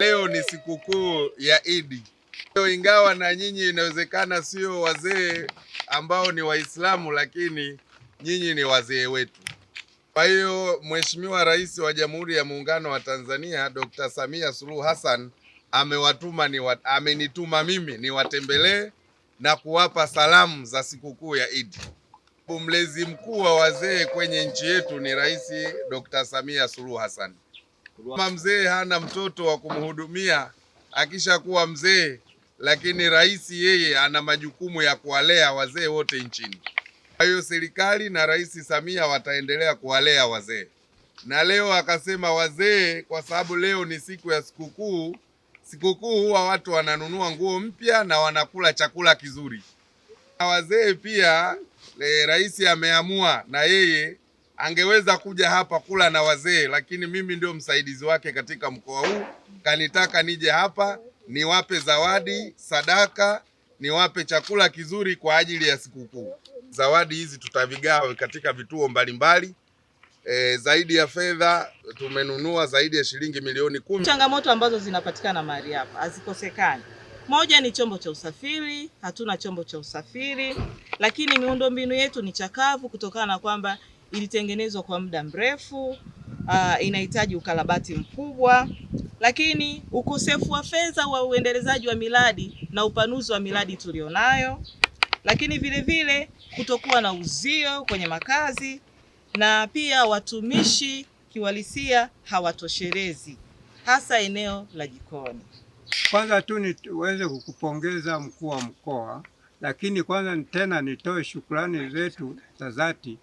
Leo ni sikukuu ya Idi. Leo ingawa na nyinyi inawezekana sio wazee ambao ni Waislamu, lakini nyinyi ni wazee wetu. Kwa hiyo Mheshimiwa Rais wa Jamhuri ya Muungano wa Tanzania Dr. Samia Suluhu Hassan amewatuma ni wat, amenituma mimi niwatembelee na kuwapa salamu za sikukuu ya Idi. Mlezi mkuu wa wazee kwenye nchi yetu ni Rais Dr. Samia Suluhu Hassan. Kama mzee hana mtoto wa kumhudumia akishakuwa mzee, lakini rais yeye ana majukumu ya kuwalea wazee wote nchini. Kwa hiyo serikali na Rais Samia wataendelea kuwalea wazee, na leo akasema wazee, kwa sababu leo ni siku ya sikukuu. Sikukuu huwa watu wananunua nguo mpya na wanakula chakula kizuri, na wazee pia. Eh, rais ameamua na yeye angeweza kuja hapa kula na wazee, lakini mimi ndio msaidizi wake katika mkoa huu. Kanitaka nije hapa niwape zawadi, sadaka, niwape chakula kizuri kwa ajili ya sikukuu. Zawadi hizi tutavigawa katika vituo mbalimbali. E, zaidi ya fedha tumenunua zaidi ya shilingi milioni kumi. Changamoto ambazo zinapatikana mahali hapa hazikosekani. Moja ni chombo cha usafiri, hatuna chombo cha usafiri, lakini miundombinu yetu ni chakavu kutokana na kwamba ilitengenezwa kwa muda mrefu, uh, inahitaji ukarabati mkubwa, lakini ukosefu wa fedha wa uendelezaji wa miradi na upanuzi wa miradi tulionayo, lakini vile vile kutokuwa na uzio kwenye makazi na pia watumishi kiwalisia hawatoshelezi hasa eneo la Jikoni. Kwanza tu niweze kukupongeza mkuu wa mkoa, lakini kwanza tena nitoe shukrani zetu za dhati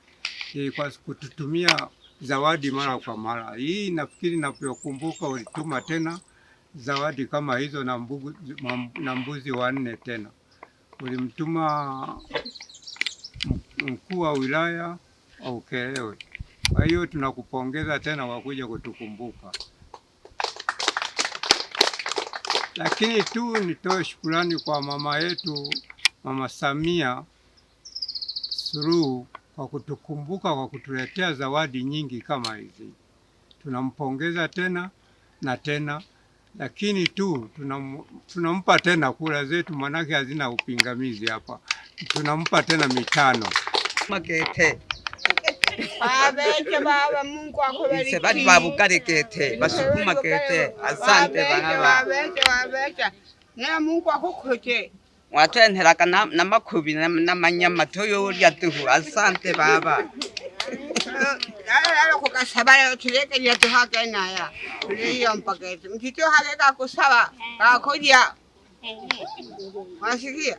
e, kwa kututumia zawadi mara kwa mara. Hii nafikiri navyokumbuka, ulituma tena zawadi kama hizo na mbuzi, na mbuzi wanne tena ulimtuma mkuu wa wilaya aukelewe Kwa hiyo tunakupongeza tena kwa kuja kutukumbuka, lakini tu nitoe shukurani kwa mama yetu Mama Samia Suluhu kwa kutukumbuka kwa kutuletea zawadi nyingi kama hizi. Tunampongeza tena na tena, lakini tu tunam, tunampa tena kura zetu, manake hazina upingamizi hapa. Tunampa tena mitano Makete. Baba, Mungu akubariki. Asante Na Mungu watwenheraka na makubi na manyama tuyuria tuhu. Asante baba kukasaba tulekeria tuhakenaya tuliiyo mpakete mtito hageka kusaba kakuria wasikia